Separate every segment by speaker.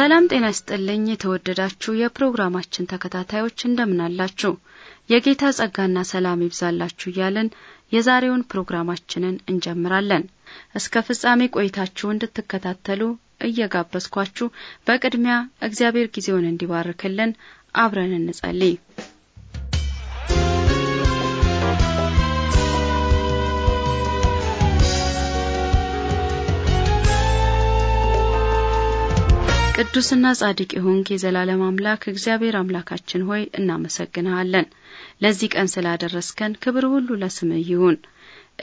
Speaker 1: ሰላም ጤና ይስጥልኝ። የተወደዳችሁ የፕሮግራማችን ተከታታዮች እንደምን አላችሁ? የጌታ ጸጋና ሰላም ይብዛላችሁ እያልን የዛሬውን ፕሮግራማችንን እንጀምራለን። እስከ ፍጻሜ ቆይታችሁ እንድትከታተሉ እየጋበዝኳችሁ በቅድሚያ እግዚአብሔር ጊዜውን እንዲባርክልን አብረን እንጸልይ። ቅዱስና ጻድቅ የሆንክ የዘላለም አምላክ እግዚአብሔር አምላካችን ሆይ እናመሰግንሃለን። ለዚህ ቀን ስላደረስከን ክብር ሁሉ ለስምህ ይሁን።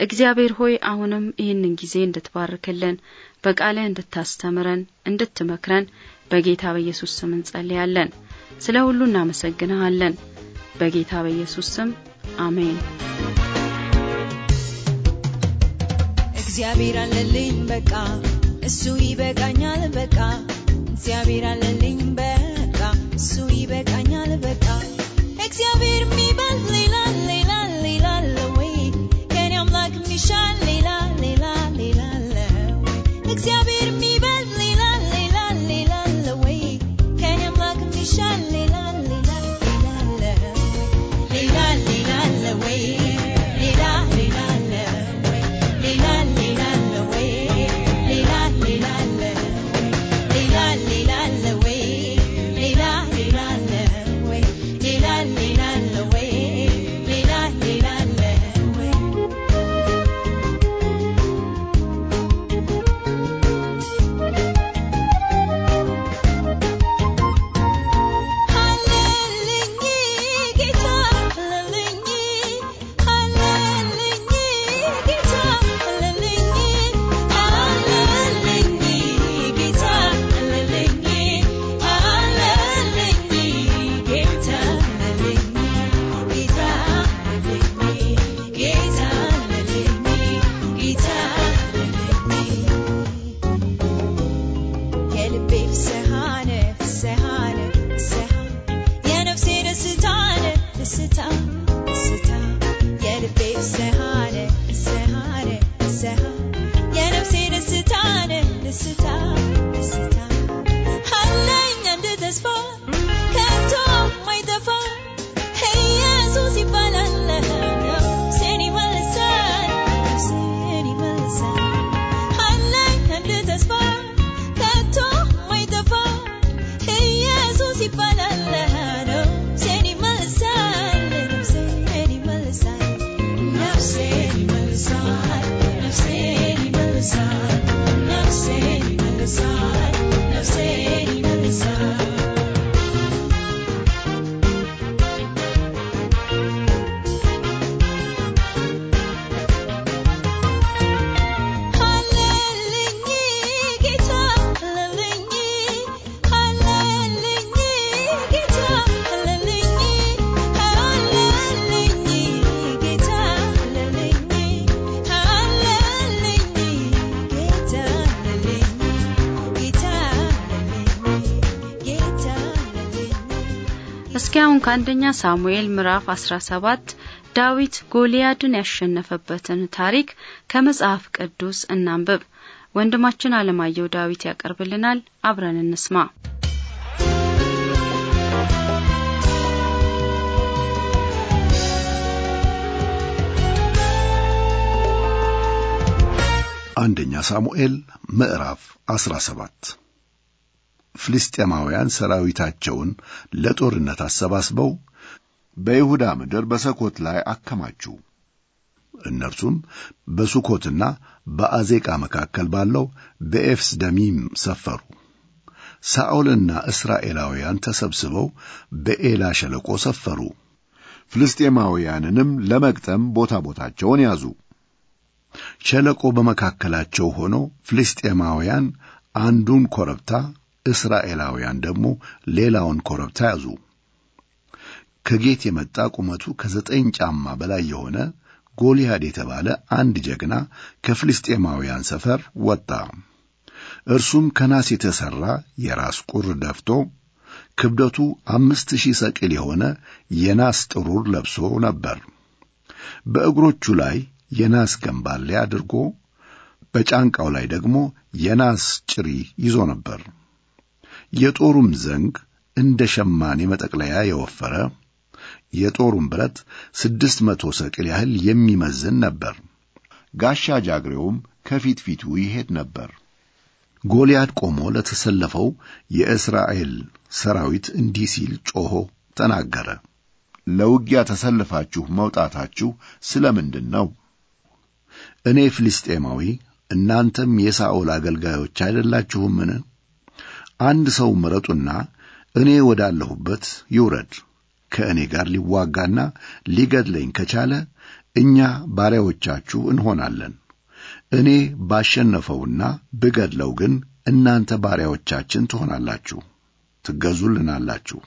Speaker 1: እግዚአብሔር ሆይ አሁንም ይህንን ጊዜ እንድትባርክልን፣ በቃለ እንድታስተምረን፣ እንድትመክረን በጌታ በኢየሱስ ስም እንጸልያለን። ስለ ሁሉ እናመሰግንሃለን። በጌታ በኢየሱስ ስም አሜን።
Speaker 2: እግዚአብሔር አለልኝ በቃ እሱ ይበቃኛል በቃ እግዚአብሔር አለልኝ በቃ እሱ ይበቃኛል በቃ እግዚአብሔር የሚበል
Speaker 1: ከአንደኛ ሳሙኤል ምዕራፍ 17 ዳዊት ጎልያድን ያሸነፈበትን ታሪክ ከመጽሐፍ ቅዱስ እናንብብ። ወንድማችን አለማየሁ ዳዊት ያቀርብልናል። አብረን እንስማ።
Speaker 3: አንደኛ ሳሙኤል ምዕራፍ 17 ፍልስጤማውያን ሰራዊታቸውን ለጦርነት አሰባስበው በይሁዳ ምድር በሰኮት ላይ አከማቹ። እነርሱም በሱኮትና በአዜቃ መካከል ባለው በኤፍስ ደሚም ሰፈሩ። ሳኦልና እስራኤላውያን ተሰብስበው በኤላ ሸለቆ ሰፈሩ። ፍልስጤማውያንንም ለመግጠም ቦታ ቦታቸውን ያዙ። ሸለቆ በመካከላቸው ሆኖ ፍልስጤማውያን አንዱን ኮረብታ እስራኤላውያን ደግሞ ሌላውን ኮረብታ ያዙ። ከጌት የመጣ ቁመቱ ከዘጠኝ ጫማ በላይ የሆነ ጎልያድ የተባለ አንድ ጀግና ከፍልስጤማውያን ሰፈር ወጣ። እርሱም ከናስ የተሠራ የራስ ቁር ደፍቶ ክብደቱ አምስት ሺህ ሰቅል የሆነ የናስ ጥሩር ለብሶ ነበር። በእግሮቹ ላይ የናስ ገንባሌ አድርጎ በጫንቃው ላይ ደግሞ የናስ ጭሪ ይዞ ነበር። የጦሩም ዘንግ እንደ ሸማኔ መጠቅለያ የወፈረ የጦሩም ብረት ስድስት መቶ ሰቅል ያህል የሚመዝን ነበር። ጋሻ ጃግሬውም ከፊት ፊቱ ይሄድ ነበር። ጎልያድ ቆሞ ለተሰለፈው የእስራኤል ሰራዊት እንዲህ ሲል ጮሆ ተናገረ። ለውጊያ ተሰልፋችሁ መውጣታችሁ ስለ ምንድን ነው? እኔ ፍልስጤማዊ እናንተም የሳኦል አገልጋዮች አይደላችሁምን? አንድ ሰው ምረጡና እኔ ወዳለሁበት ይውረድ ከእኔ ጋር ሊዋጋና ሊገድለኝ ከቻለ እኛ ባሪያዎቻችሁ እንሆናለን። እኔ ባሸነፈውና ብገድለው ግን እናንተ ባሪያዎቻችን ትሆናላችሁ፣ ትገዙልናላችሁ።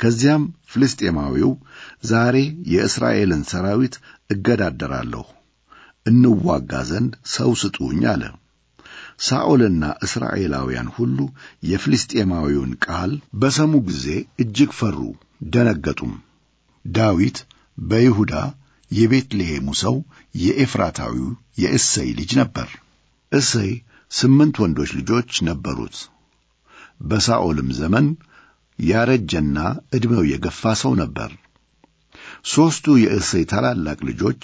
Speaker 3: ከዚያም ፍልስጤማዊው ዛሬ የእስራኤልን ሰራዊት እገዳደራለሁ፣ እንዋጋ ዘንድ ሰው ስጡኝ አለ። ሳኦልና እስራኤላውያን ሁሉ የፍልስጤማዊውን ቃል በሰሙ ጊዜ እጅግ ፈሩ፣ ደነገጡም። ዳዊት በይሁዳ የቤትልሔሙ ሰው የኤፍራታዊው የእሰይ ልጅ ነበር። እሰይ ስምንት ወንዶች ልጆች ነበሩት። በሳኦልም ዘመን ያረጀና ዕድሜው የገፋ ሰው ነበር። ሦስቱ የእሴይ ታላላቅ ልጆች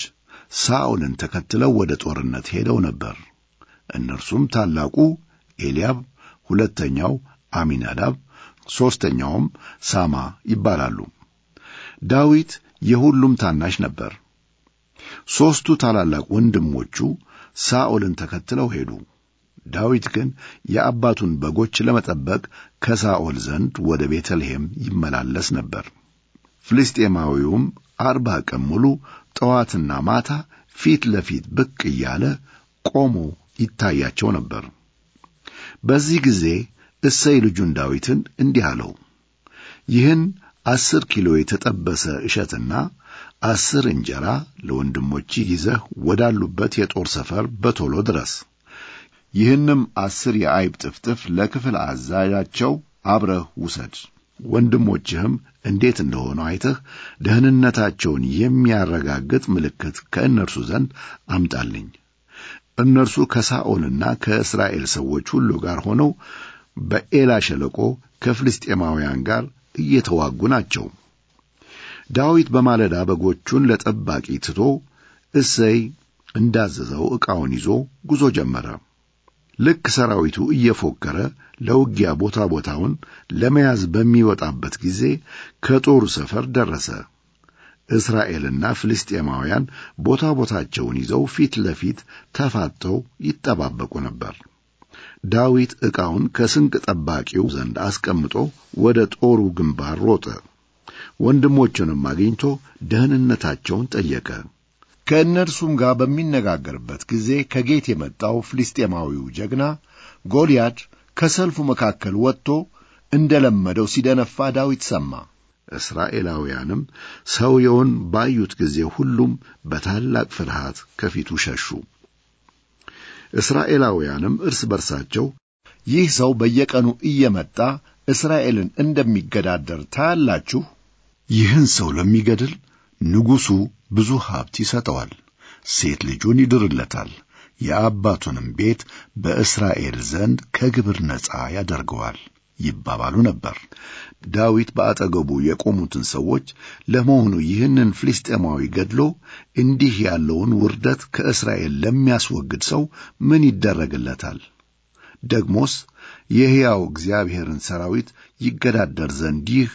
Speaker 3: ሳኦልን ተከትለው ወደ ጦርነት ሄደው ነበር። እነርሱም ታላቁ ኤልያብ፣ ሁለተኛው አሚናዳብ፣ ሦስተኛውም ሳማ ይባላሉ። ዳዊት የሁሉም ታናሽ ነበር። ሦስቱ ታላላቅ ወንድሞቹ ሳኦልን ተከትለው ሄዱ። ዳዊት ግን የአባቱን በጎች ለመጠበቅ ከሳኦል ዘንድ ወደ ቤተልሔም ይመላለስ ነበር። ፍልስጤማዊውም አርባ ቀን ሙሉ ጠዋትና ማታ ፊት ለፊት ብቅ እያለ ቆሞ ይታያቸው ነበር። በዚህ ጊዜ እሰይ ልጁን ዳዊትን እንዲህ አለው፣ ይህን አስር ኪሎ የተጠበሰ እሸትና አስር እንጀራ ለወንድሞች ይዘህ ወዳሉበት የጦር ሰፈር በቶሎ ድረስ። ይህንም አስር የአይብ ጥፍጥፍ ለክፍል አዛዣቸው አብረህ ውሰድ። ወንድሞችህም እንዴት እንደሆኑ አይተህ ደህንነታቸውን የሚያረጋግጥ ምልክት ከእነርሱ ዘንድ አምጣልኝ እነርሱ ከሳኦልና ከእስራኤል ሰዎች ሁሉ ጋር ሆነው በኤላ ሸለቆ ከፍልስጤማውያን ጋር እየተዋጉ ናቸው። ዳዊት በማለዳ በጎቹን ለጠባቂ ትቶ እሰይ እንዳዘዘው ዕቃውን ይዞ ጉዞ ጀመረ። ልክ ሰራዊቱ እየፎከረ ለውጊያ ቦታ ቦታውን ለመያዝ በሚወጣበት ጊዜ ከጦሩ ሰፈር ደረሰ። እስራኤልና ፍልስጤማውያን ቦታ ቦታቸውን ይዘው ፊት ለፊት ተፋጠው ይጠባበቁ ነበር። ዳዊት ዕቃውን ከስንቅ ጠባቂው ዘንድ አስቀምጦ ወደ ጦሩ ግንባር ሮጠ። ወንድሞቹንም አግኝቶ ደህንነታቸውን ጠየቀ። ከእነርሱም ጋር በሚነጋገርበት ጊዜ ከጌት የመጣው ፍልስጤማዊው ጀግና ጎልያድ ከሰልፉ መካከል ወጥቶ እንደ ለመደው ሲደነፋ ዳዊት ሰማ። እስራኤላውያንም ሰውየውን ባዩት ጊዜ ሁሉም በታላቅ ፍርሃት ከፊቱ ሸሹ። እስራኤላውያንም እርስ በርሳቸው ይህ ሰው በየቀኑ እየመጣ እስራኤልን እንደሚገዳደር ታያላችሁ። ይህን ሰው ለሚገድል ንጉሡ ብዙ ሀብት ይሰጠዋል፣ ሴት ልጁን ይድርለታል፣ የአባቱንም ቤት በእስራኤል ዘንድ ከግብር ነጻ ያደርገዋል ይባባሉ ነበር። ዳዊት በአጠገቡ የቆሙትን ሰዎች ለመሆኑ ይህንን ፍልስጤማዊ ገድሎ እንዲህ ያለውን ውርደት ከእስራኤል ለሚያስወግድ ሰው ምን ይደረግለታል? ደግሞስ የሕያው እግዚአብሔርን ሰራዊት ይገዳደር ዘንድ ይህ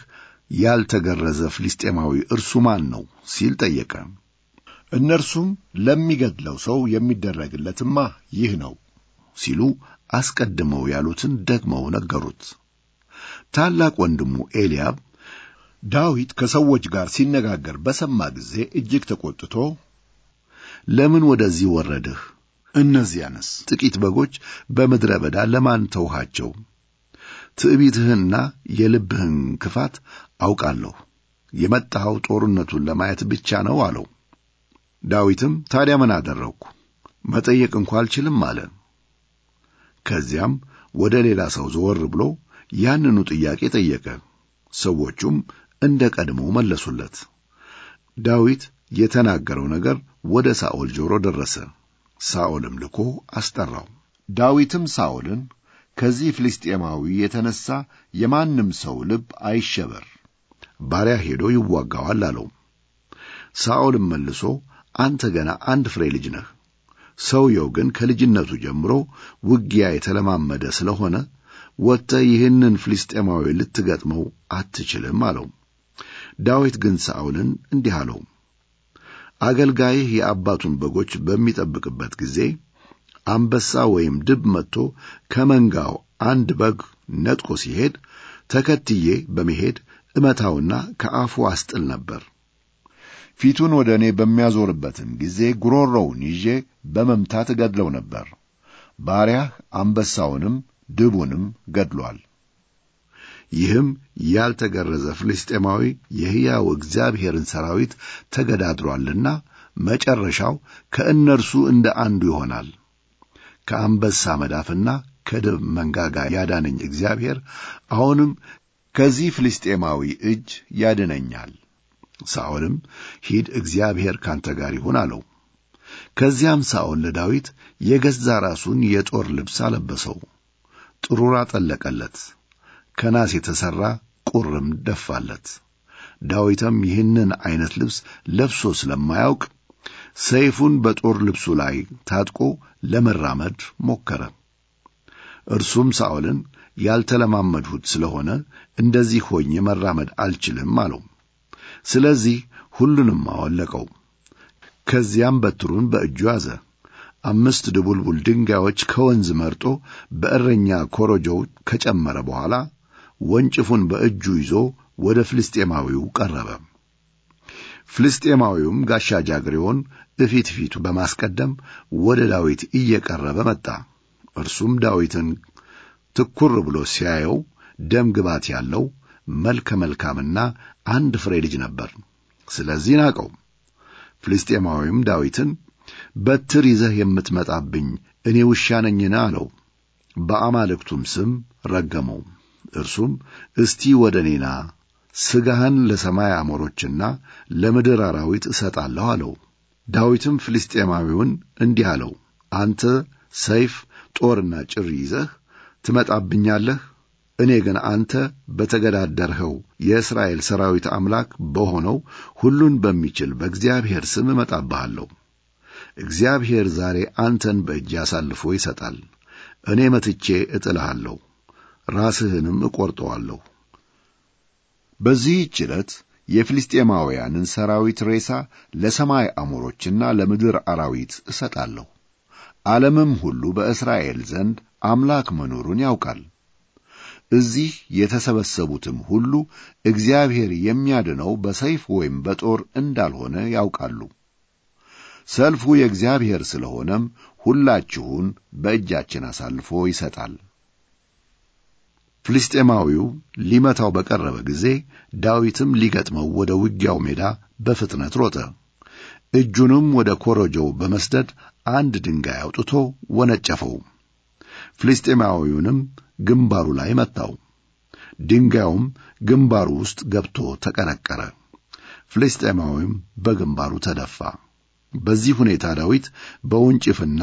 Speaker 3: ያልተገረዘ ፍልስጤማዊ እርሱ ማን ነው? ሲል ጠየቀ። እነርሱም ለሚገድለው ሰው የሚደረግለትማ ይህ ነው ሲሉ አስቀድመው ያሉትን ደግመው ነገሩት። ታላቅ ወንድሙ ኤልያብ ዳዊት ከሰዎች ጋር ሲነጋገር በሰማ ጊዜ እጅግ ተቆጥቶ ለምን ወደዚህ ወረድህ? እነዚያንስ ጥቂት በጎች በምድረ በዳ ለማን ተውሃቸው? ትዕቢትህና የልብህን ክፋት አውቃለሁ። የመጣኸው ጦርነቱን ለማየት ብቻ ነው አለው። ዳዊትም ታዲያ ምን አደረግኩ? መጠየቅ እንኳ አልችልም አለ። ከዚያም ወደ ሌላ ሰው ዘወር ብሎ ያንኑ ጥያቄ ጠየቀ። ሰዎቹም እንደ ቀድሞ መለሱለት። ዳዊት የተናገረው ነገር ወደ ሳኦል ጆሮ ደረሰ። ሳኦልም ልኮ አስጠራው። ዳዊትም ሳኦልን ከዚህ ፍልስጤማዊ የተነሣ የማንም ሰው ልብ አይሸበር፣ ባሪያ ሄዶ ይዋጋዋል አለው። ሳኦልም መልሶ አንተ ገና አንድ ፍሬ ልጅ ነህ፣ ሰውየው ግን ከልጅነቱ ጀምሮ ውጊያ የተለማመደ ስለሆነ ወጥተ ይህንን ፍልስጤማዊ ልትገጥመው አትችልም አለው። ዳዊት ግን ሳኦልን እንዲህ አለው፣ አገልጋይህ የአባቱን በጎች በሚጠብቅበት ጊዜ አንበሳ ወይም ድብ መጥቶ ከመንጋው አንድ በግ ነጥቆ ሲሄድ ተከትዬ በመሄድ እመታውና ከአፉ አስጥል ነበር። ፊቱን ወደ እኔ በሚያዞርበትም ጊዜ ጉሮሮውን ይዤ በመምታት እገድለው ነበር። ባሪያህ አንበሳውንም ድቡንም ገድሏል። ይህም ያልተገረዘ ፍልስጤማዊ የሕያው እግዚአብሔርን ሰራዊት ተገዳድሯልና መጨረሻው ከእነርሱ እንደ አንዱ ይሆናል። ከአንበሳ መዳፍና ከድብ መንጋጋ ያዳነኝ እግዚአብሔር አሁንም ከዚህ ፍልስጤማዊ እጅ ያድነኛል። ሳኦልም ሂድ፣ እግዚአብሔር ካንተ ጋር ይሁን አለው። ከዚያም ሳኦል ለዳዊት የገዛ ራሱን የጦር ልብስ አለበሰው። ጥሩራ ጠለቀለት፣ ከናስ የተሠራ ቁርም ደፋለት። ዳዊትም ይህንን ዐይነት ልብስ ለብሶ ስለማያውቅ ሰይፉን በጦር ልብሱ ላይ ታጥቆ ለመራመድ ሞከረ። እርሱም ሳኦልን ያልተለማመድሁት ስለሆነ እንደዚህ ሆኜ መራመድ አልችልም አለው። ስለዚህ ሁሉንም አወለቀው። ከዚያም በትሩን በእጁ ያዘ። አምስት ድቡልቡል ድንጋዮች ከወንዝ መርጦ በእረኛ ኮረጆው ከጨመረ በኋላ ወንጭፉን በእጁ ይዞ ወደ ፍልስጤማዊው ቀረበ። ፍልስጤማዊውም ጋሻ ጃግሬውን እፊት ፊቱ በማስቀደም ወደ ዳዊት እየቀረበ መጣ። እርሱም ዳዊትን ትኩር ብሎ ሲያየው ደም ግባት ያለው መልከ መልካምና አንድ ፍሬ ልጅ ነበር። ስለዚህ ናቀው። ፍልስጤማዊም ዳዊትን በትር ይዘህ የምትመጣብኝ እኔ ውሻ ነኝና አለው። በአማልክቱም ስም ረገመው። እርሱም እስቲ ወደ እኔና ሥጋህን ለሰማይ አሞሮችና ለምድር አራዊት እሰጣለሁ አለው። ዳዊትም ፍልስጤማዊውን እንዲህ አለው፣ አንተ ሰይፍ ጦርና ጭር ይዘህ ትመጣብኛለህ፣ እኔ ግን አንተ በተገዳደርኸው የእስራኤል ሰራዊት አምላክ በሆነው ሁሉን በሚችል በእግዚአብሔር ስም እመጣብሃለሁ። እግዚአብሔር ዛሬ አንተን በእጅ አሳልፎ ይሰጣል። እኔ መትቼ እጥልሃለሁ፣ ራስህንም እቈርጠዋለሁ። በዚህች ዕለት የፊልስጤማውያንን ሰራዊት ሬሳ ለሰማይ አሞሮችና ለምድር አራዊት እሰጣለሁ። ዓለምም ሁሉ በእስራኤል ዘንድ አምላክ መኖሩን ያውቃል። እዚህ የተሰበሰቡትም ሁሉ እግዚአብሔር የሚያድነው በሰይፍ ወይም በጦር እንዳልሆነ ያውቃሉ። ሰልፉ የእግዚአብሔር ስለሆነም ሁላችሁን በእጃችን አሳልፎ ይሰጣል። ፍልስጤማዊው ሊመታው በቀረበ ጊዜ ዳዊትም ሊገጥመው ወደ ውጊያው ሜዳ በፍጥነት ሮጠ። እጁንም ወደ ኮረጆው በመስደድ አንድ ድንጋይ አውጥቶ ወነጨፈው። ፍልስጤማዊውንም ግንባሩ ላይ መታው። ድንጋዩም ግንባሩ ውስጥ ገብቶ ተቀረቀረ። ፍልስጤማዊም በግንባሩ ተደፋ። በዚህ ሁኔታ ዳዊት በውንጭፍና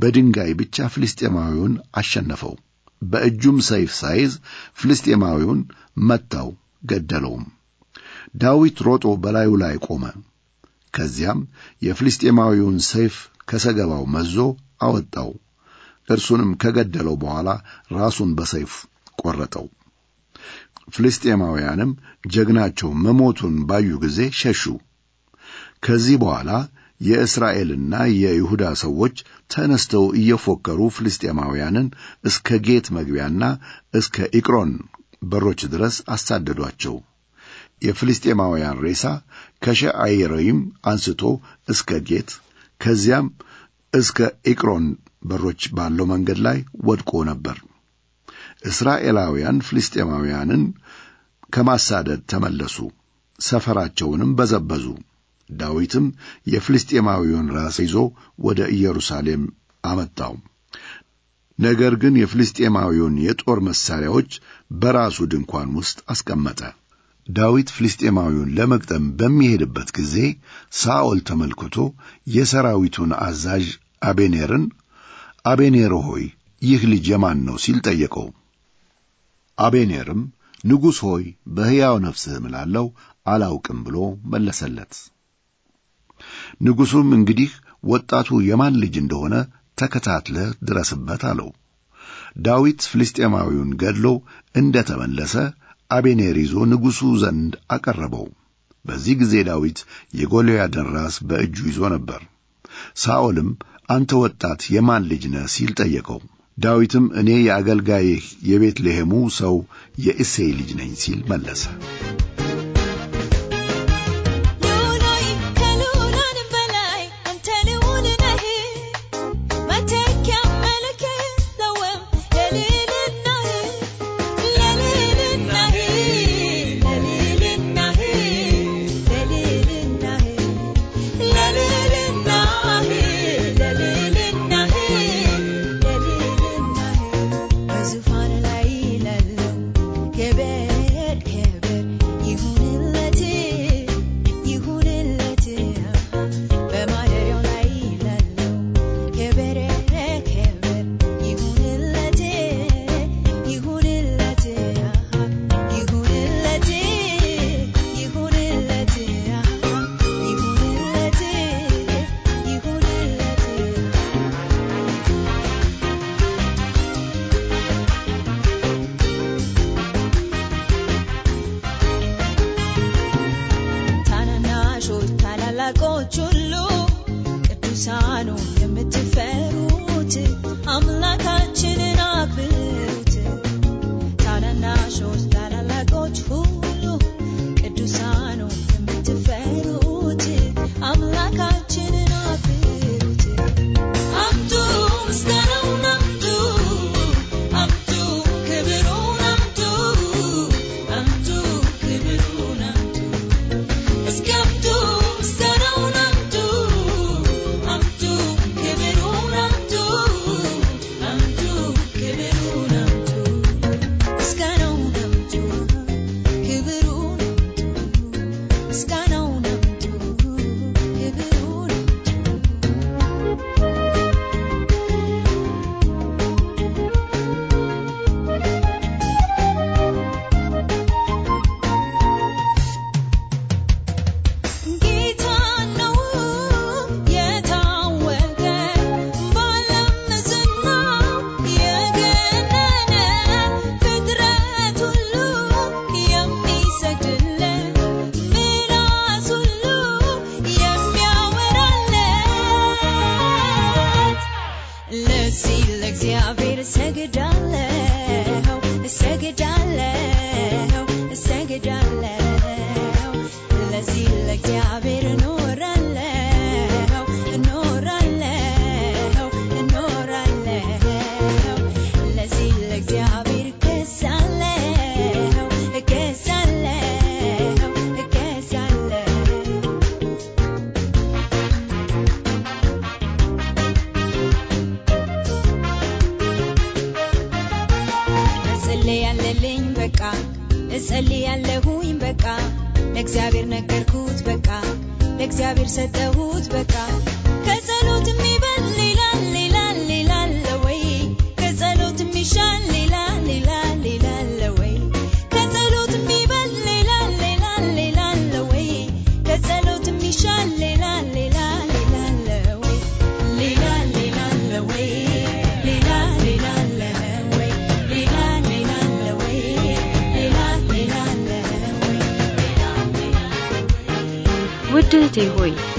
Speaker 3: በድንጋይ ብቻ ፍልስጤማዊውን አሸነፈው። በእጁም ሰይፍ ሳይዝ ፍልስጤማዊውን መታው፣ ገደለውም። ዳዊት ሮጦ በላዩ ላይ ቆመ። ከዚያም የፍልስጤማዊውን ሰይፍ ከሰገባው መዞ አወጣው። እርሱንም ከገደለው በኋላ ራሱን በሰይፍ ቆረጠው። ፍልስጤማውያንም ጀግናቸው መሞቱን ባዩ ጊዜ ሸሹ። ከዚህ በኋላ የእስራኤልና የይሁዳ ሰዎች ተነስተው እየፎከሩ ፍልስጤማውያንን እስከ ጌት መግቢያና እስከ ኢቅሮን በሮች ድረስ አሳደዷቸው። የፍልስጤማውያን ሬሳ ከሸዓይሮይም አንስቶ እስከ ጌት ከዚያም እስከ ኢቅሮን በሮች ባለው መንገድ ላይ ወድቆ ነበር። እስራኤላውያን ፍልስጤማውያንን ከማሳደድ ተመለሱ፣ ሰፈራቸውንም በዘበዙ። ዳዊትም የፍልስጤማዊውን ራስ ይዞ ወደ ኢየሩሳሌም አመጣው። ነገር ግን የፍልስጤማዊውን የጦር መሣሪያዎች በራሱ ድንኳን ውስጥ አስቀመጠ። ዳዊት ፍልስጤማዊውን ለመግጠም በሚሄድበት ጊዜ ሳኦል ተመልክቶ የሰራዊቱን አዛዥ አቤኔርን፣ አቤኔር ሆይ ይህ ልጅ የማን ነው ሲል ጠየቀው። አቤኔርም ንጉሥ ሆይ በሕያው ነፍስህ እምላለሁ አላውቅም ብሎ መለሰለት። ንጉሡም እንግዲህ ወጣቱ የማን ልጅ እንደሆነ ተከታትለ ድረስበት አለው። ዳዊት ፍልስጤማዊውን ገድሎ እንደ ተመለሰ አቤኔር ይዞ ንጉሡ ዘንድ አቀረበው። በዚህ ጊዜ ዳዊት የጎልያድን ራስ በእጁ ይዞ ነበር። ሳኦልም አንተ ወጣት የማን ልጅ ነህ ሲል ጠየቀው። ዳዊትም እኔ የአገልጋይህ የቤትልሔሙ ሰው የእሴይ ልጅ ነኝ ሲል መለሰ።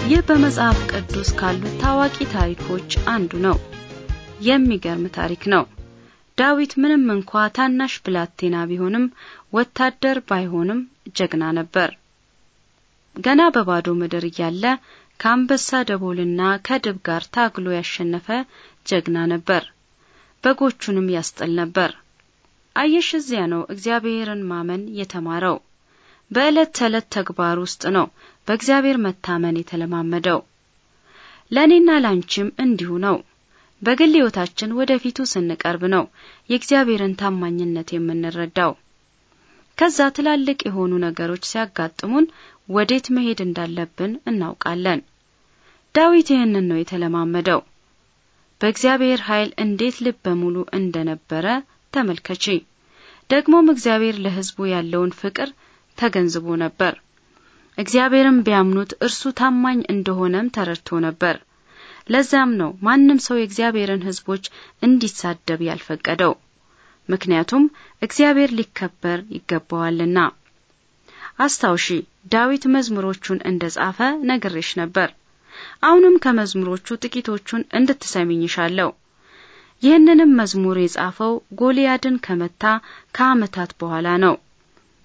Speaker 1: ይህ በመጽሐፍ ቅዱስ ካሉት ታዋቂ ታሪኮች አንዱ ነው። የሚገርም ታሪክ ነው። ዳዊት ምንም እንኳ ታናሽ ብላቴና ቢሆንም ወታደር ባይሆንም ጀግና ነበር። ገና በባዶ ምድር እያለ ከአንበሳ ደቦልና ከድብ ጋር ታግሎ ያሸነፈ ጀግና ነበር። በጎቹንም ያስጥል ነበር። አየሽ፣ እዚያ ነው እግዚአብሔርን ማመን የተማረው። በዕለት ተዕለት ተግባር ውስጥ ነው በእግዚአብሔር መታመን የተለማመደው። ለእኔና ላንቺም እንዲሁ ነው። በግል ሕይወታችን ወደፊቱ ስንቀርብ ነው የእግዚአብሔርን ታማኝነት የምንረዳው። ከዛ ትላልቅ የሆኑ ነገሮች ሲያጋጥሙን ወዴት መሄድ እንዳለብን እናውቃለን። ዳዊት ይህንን ነው የተለማመደው። በእግዚአብሔር ኃይል እንዴት ልበ ሙሉ እንደነበረ ተመልከቺ። ደግሞም እግዚአብሔር ለሕዝቡ ያለውን ፍቅር ተገንዝቦ ነበር። እግዚአብሔርም ቢያምኑት እርሱ ታማኝ እንደሆነም ተረድቶ ነበር። ለዛም ነው ማንም ሰው የእግዚአብሔርን ሕዝቦች እንዲሳደብ ያልፈቀደው፣ ምክንያቱም እግዚአብሔር ሊከበር ይገባዋልና። አስታውሺ ዳዊት መዝሙሮቹን እንደ ጻፈ ነግሬሽ ነበር። አሁንም ከመዝሙሮቹ ጥቂቶቹን እንድትሰሚኝሻለሁ። ይህንንም መዝሙር የጻፈው ጎልያድን ከመታ ከዓመታት በኋላ ነው።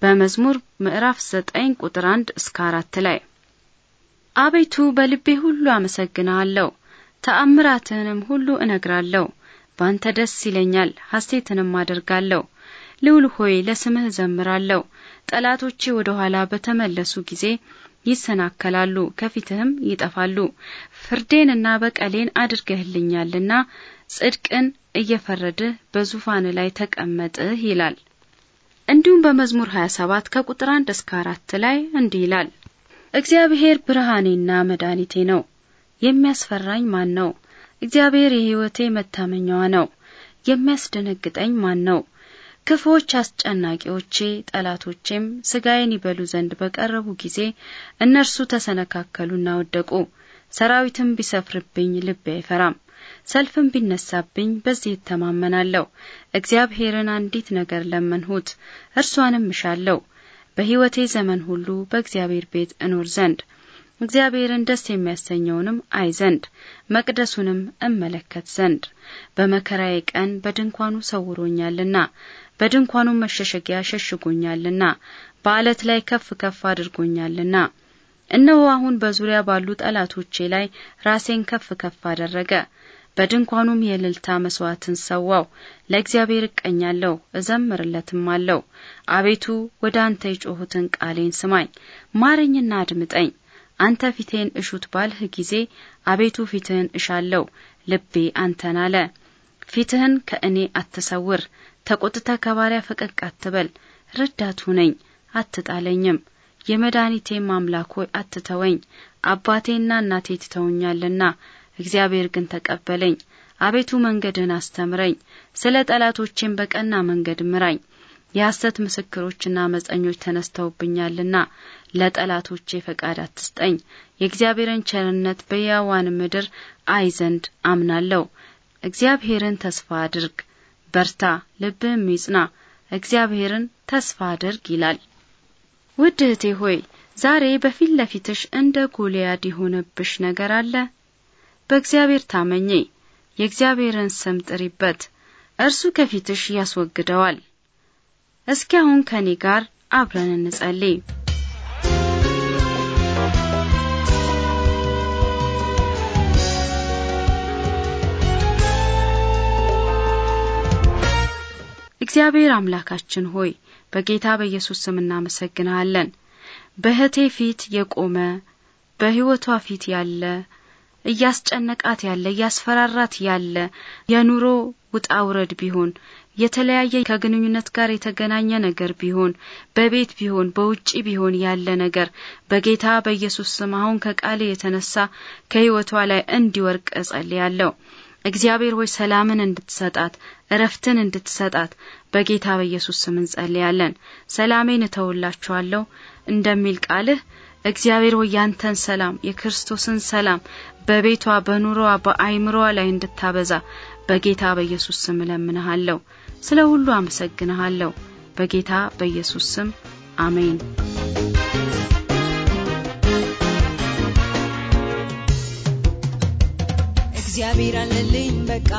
Speaker 1: በመዝሙር ምዕራፍ ዘጠኝ ቁጥር አንድ እስከ አራት ላይ አቤቱ በልቤ ሁሉ አመሰግንሃለሁ፣ ተአምራትህንም ሁሉ እነግራለሁ። ባንተ ደስ ይለኛል፣ ሐሴትንም አደርጋለሁ። ልዑል ሆይ ለስምህ ዘምራለሁ። ጠላቶቼ ወደ ኋላ በተመለሱ ጊዜ ይሰናከላሉ፣ ከፊትህም ይጠፋሉ። ፍርዴንና በቀሌን አድርገህልኛልና ጽድቅን እየፈረድህ በዙፋን ላይ ተቀመጥህ ይላል። እንዲሁም በመዝሙር 27 ከቁጥር 1 እስከ 4 ላይ እንዲህ ይላል፣ እግዚአብሔር ብርሃኔና መድኃኒቴ ነው፣ የሚያስፈራኝ ማን ነው? እግዚአብሔር የሕይወቴ መታመኛዋ ነው፣ የሚያስደነግጠኝ ማን ነው? ክፉዎች አስጨናቂዎቼ ጠላቶቼም ስጋዬን ይበሉ ዘንድ በቀረቡ ጊዜ እነርሱ ተሰነካከሉና ወደቁ። ሰራዊትም ቢሰፍርብኝ ልቤ አይፈራም። ሰልፍም ቢነሳብኝ በዚህ ይተማመናለሁ። እግዚአብሔርን አንዲት ነገር ለመንሁት፣ እርሷንም እሻለሁ፣ በሕይወቴ ዘመን ሁሉ በእግዚአብሔር ቤት እኖር ዘንድ እግዚአብሔርን ደስ የሚያሰኘውንም አይ ዘንድ መቅደሱንም እመለከት ዘንድ። በመከራዬ ቀን በድንኳኑ ሰውሮኛልና በድንኳኑ መሸሸጊያ ሸሽጎኛልና በዓለት ላይ ከፍ ከፍ አድርጎኛልና። እነሆ አሁን በዙሪያ ባሉ ጠላቶቼ ላይ ራሴን ከፍ ከፍ አደረገ። በድንኳኑም የልልታ መስዋዕትን ሰዋው። ለእግዚአብሔር እቀኛለሁ እዘምርለትም አለው። አቤቱ ወደ አንተ የጮኹትን ቃሌን ስማኝ፣ ማረኝና አድምጠኝ። አንተ ፊቴን እሹት ባልህ ጊዜ አቤቱ ፊትህን እሻለሁ፣ ልቤ አንተን አለ። ፊትህን ከእኔ አትሰውር፣ ተቆጥተ ከባሪያ ፈቀቅ አትበል። ረዳት ሁነኝ አትጣለኝም፣ የመድኃኒቴም አምላክ ሆይ አትተወኝ። አባቴና እናቴ ትተውኛልና እግዚአብሔር ግን ተቀበለኝ። አቤቱ መንገድን አስተምረኝ፣ ስለ ጠላቶቼም በቀና መንገድ ምራኝ። የሐሰት ምስክሮችና አመፀኞች ተነስተውብኛልና ለጠላቶቼ ፈቃድ አትስጠኝ። የእግዚአብሔርን ቸርነት በያዋን ምድር አይ ዘንድ አምናለሁ። እግዚአብሔርን ተስፋ አድርግ፣ በርታ፣ ልብህም ይጽና፣ እግዚአብሔርን ተስፋ አድርግ ይላል። ውድ እህቴ ሆይ ዛሬ በፊት ለፊትሽ እንደ ጎልያድ የሆነብሽ ነገር አለ? በእግዚአብሔር ታመኚ፣ የእግዚአብሔርን ስም ጥሪበት፣ እርሱ ከፊትሽ ያስወግደዋል። እስኪ አሁን ከኔ ጋር አብረን እንጸልይ። እግዚአብሔር አምላካችን ሆይ በጌታ በኢየሱስ ስም እናመሰግንሃለን። በእህቴ ፊት የቆመ በሕይወቷ ፊት ያለ እያስጨነቃት ያለ እያስፈራራት ያለ የኑሮ ውጣ ውረድ ቢሆን የተለያየ ከግንኙነት ጋር የተገናኘ ነገር ቢሆን በቤት ቢሆን በውጪ ቢሆን ያለ ነገር በጌታ በኢየሱስ ስም አሁን ከቃል የተነሳ ከሕይወቷ ላይ እንዲወርቅ እጸልያለሁ። እግዚአብሔር ሆይ ሰላምን እንድትሰጣት እረፍትን እንድትሰጣት በጌታ በኢየሱስ ስም እንጸልያለን። ሰላሜን እተውላችኋለሁ እንደሚል ቃልህ እግዚአብሔር ሆይ ያንተን ሰላም የክርስቶስን ሰላም በቤቷ በኑሮዋ በአይምሮዋ ላይ እንድታበዛ በጌታ በኢየሱስ ስም እለምንሃለሁ። ስለ ሁሉ አመሰግንሃለሁ። በጌታ በኢየሱስ ስም አሜን።
Speaker 2: እግዚአብሔር አለልኝ በቃ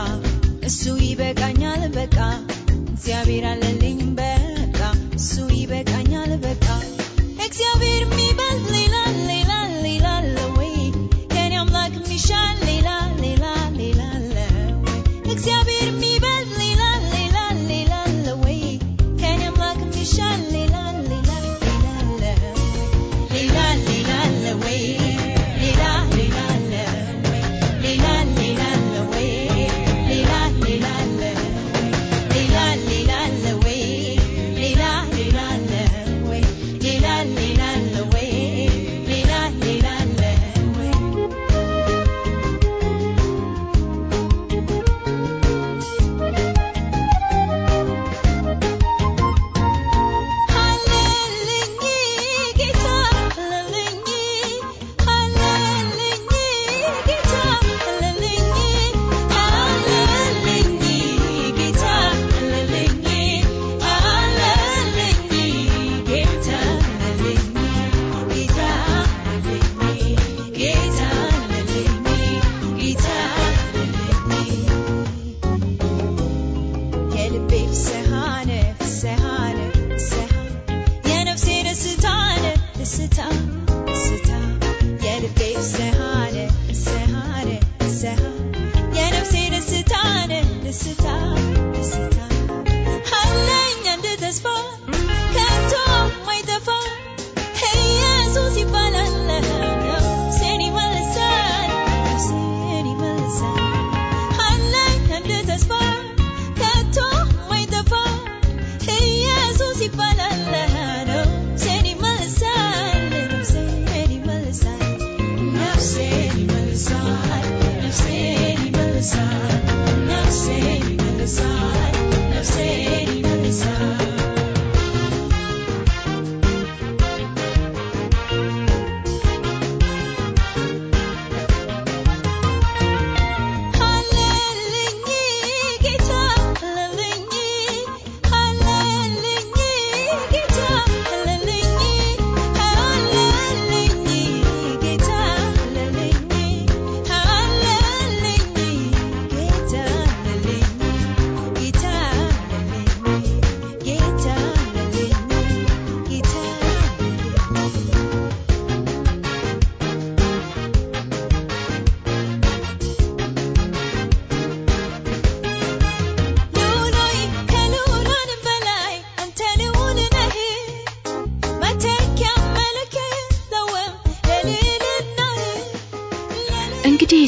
Speaker 2: እሱ ይበቃኛል በቃ እግዚአብሔር